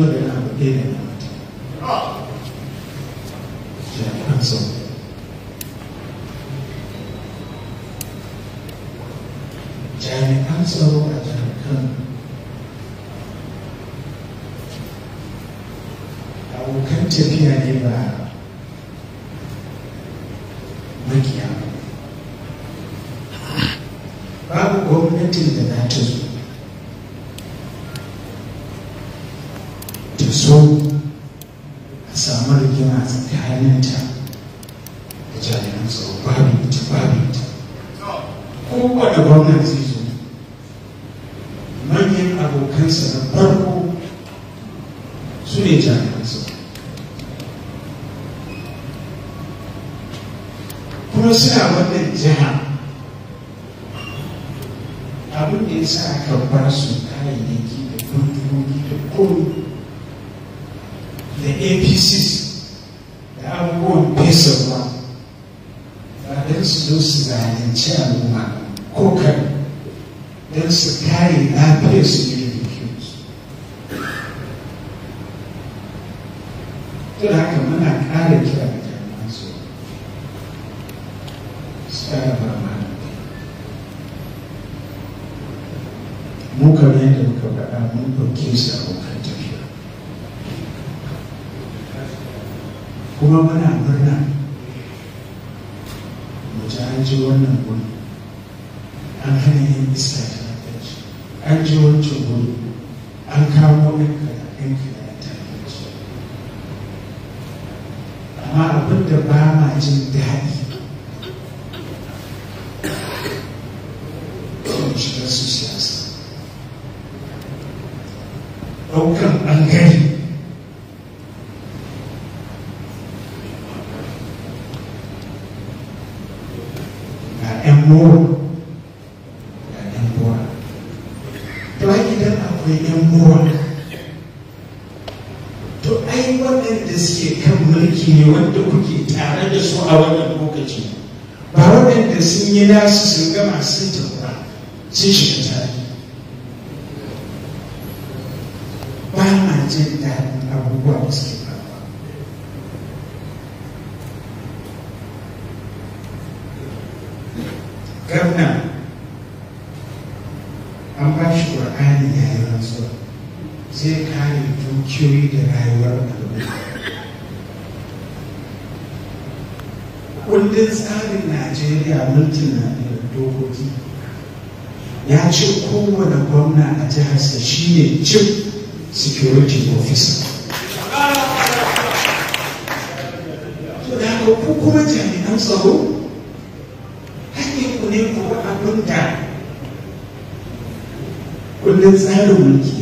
luôn để làm cái kia này trẻ dạ, ăn sống trẻ ăn sâu và trẻ thân đau khánh trên kia đi vào kowane gwamna zai zo manyan abokansa na farko su ne jami'ansa kuma suna wannan jiha abin da ya sa aka bar su kayayyaki da kuntumomi da komi da apcs da abubuwan fesa ruwa ba don su zo su zalunci al'umma ba kokari don su kare lafiyar su ne da jikinsu ta haka muna kare kira da jami'an su tsara ba ma mu kamar yadda muka faɗa mun ɗauke su abokan tafiya kuma muna murna mu ji wannan gudu an hana yin iska ta nakanci an je wancan wuri an kamo ɗan kaza ɗan kaza ta nakanci amma abin da ba ma jin daɗi to shiga su akwai yan uwa to ai waɗanda suke kan mulki ne wanda kuke tare da su a wannan lokaci ba waɗanda sun yi nasu sun gama sun tafi sun shiga tare ba ma jin daɗin abubuwa da suke ba rayuwar kundin tsarin najeriya mulkin na dokoki ya ce kowane gwamna a jiharsa ne chief security officer so da haka ku kuma jami'an tsaro ku ne ku abin da kundin tsarin mulki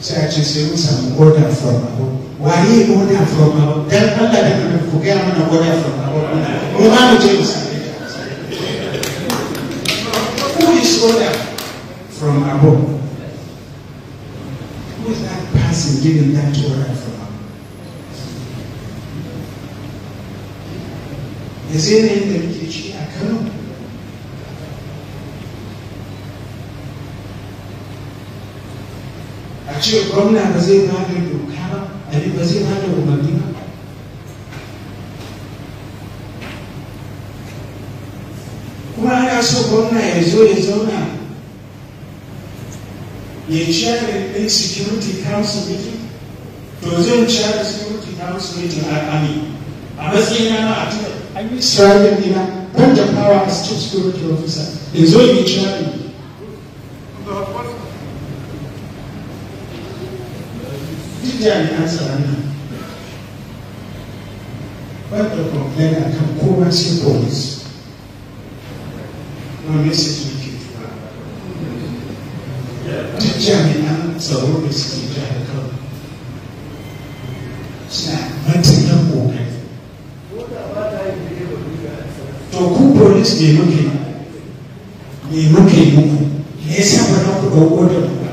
sai sai mun samu order from above are waye order from above dan Allah da kuma ku ga mana order from above mu ma mu je who is order from above who is that person giving that order from above yanzu yanayin da muke ci a Kano ce gwamna ba zai ba da doka ba abin eh, ba zai ba da umarni ba kuma ana so gwamna ya zo ya zauna ya ciyar da security council meeting to zan ciyar da security council meeting a ami a matsayin na a tuna an yi tsarin dina ban da power as chief security officer in zo yi ciyar da duk jami'an tsaron nan wadda complain a kan kowa sai police no message muke tura duk jami'an tsaro da suke jihar kano suna matakan kokari to ku police ne muke ne muke muku me yasa ba na ku ɗauko da mu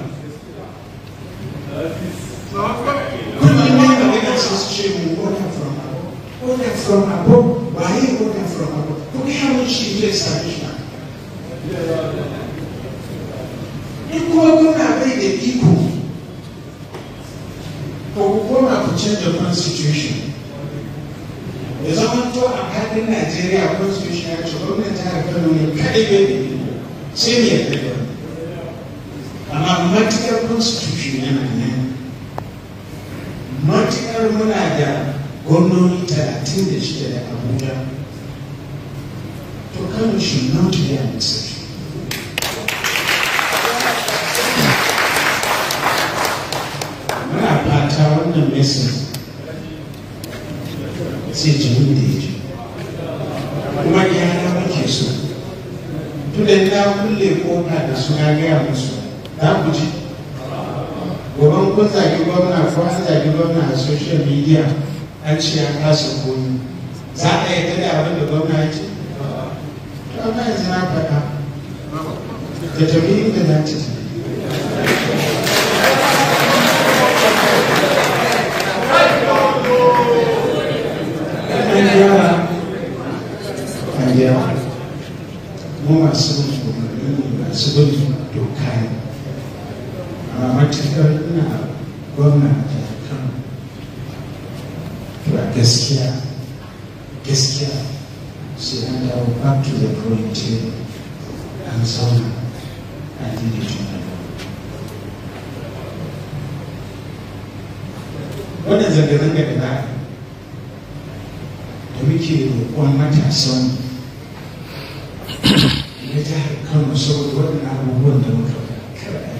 order from above, waye order from above. Ku gaya mun shi zai same shi haka. In kuma gwamna bai da iko, to ku koma ku canza constitution. Ya zama to a kadin Najeriya constitution ya ce gwamnan jihar Kano ne kaɗai bai da iko. Sai ne ya kai Amma matuƙar constitution yana nan. Matuƙar muna da gwamnoni talatin da shida da abuja to kano should not be an exception muna fata wannan message sai jimin da ya ji kuma yana muke so tunan na kulle kofa da suna gaya musu za ku ji gaban kun zagi gwamna ko an zagi gwamna a social media an ce an kasa komi za a yi tada abin da gwamna ya ce to amma yanzu na faɗa da tafi inda za ta ce mu masu masu bin doka ne a matuƙar ina gwamna gaskiya gaskiya sai an dawo back to the drawing table an zauna an daidai tunani wannan zanga-zanga da za da muke roƙon matasan na jihar kano saboda waɗannan abubuwan da muka karɓa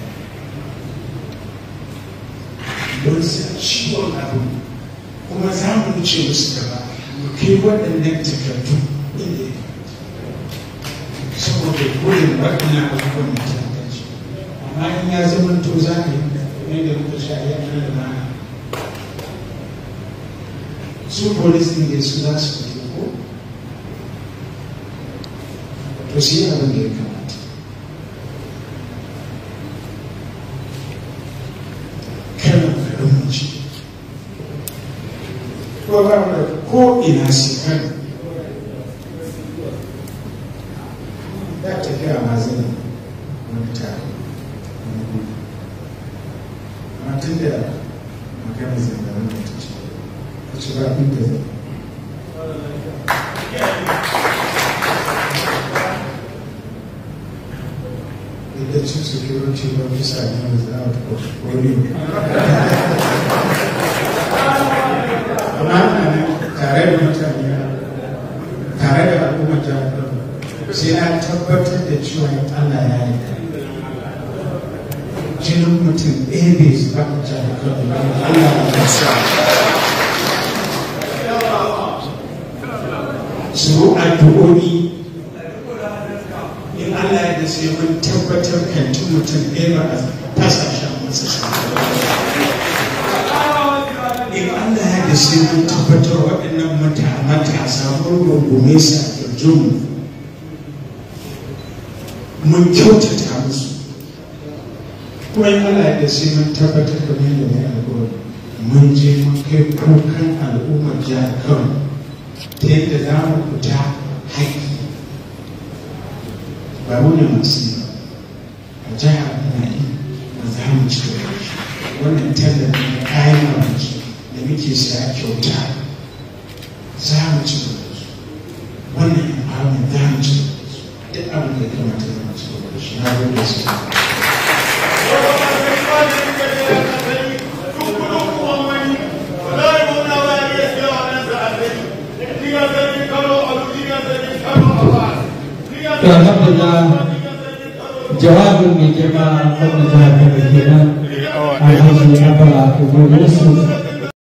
don sa ciwon abin wuce musu gaba kai waɗannan takardu inda saboda gudun waɗannan abubuwan da ta dace amma in ya zama to za ka yi da da muka sha da mana su polis da su za su fito ko to su yi abin da ya program rẹ kó ìhànsì hàn yà tẹ̀lé àmàzìn wọn ta wọn kú àmàtí ndé a màkà mi zè ndé wọn tó ti kó tí wàá bí ndé não de tabbatar da cewa Allah ya yi jirin mutum ɗaya bai zuba a jami'ar da Allah ya sa su addu'o'i in Allah ya da sai tabbatar kan mutum ɗaya ba a fasa shan masa in Allah ya da sai mun tabbatar waɗannan matasa samun rungume sa da jumu mun kyautata musu kuma yi Allah da sai mun tabbatar da mai da mai alƙawari mun je mun kai kukan al'ummar jihar Kano ta yadda za mu fita haƙƙi ba wani masu yi a jihar na yi ba za mu ci gaba wannan tallafi da kayan mamaki da muke saya kyauta za mu ci gaba wannan empowerment za mu ci gaba duk abin da ya kamata جواب جب دوں گی بڑا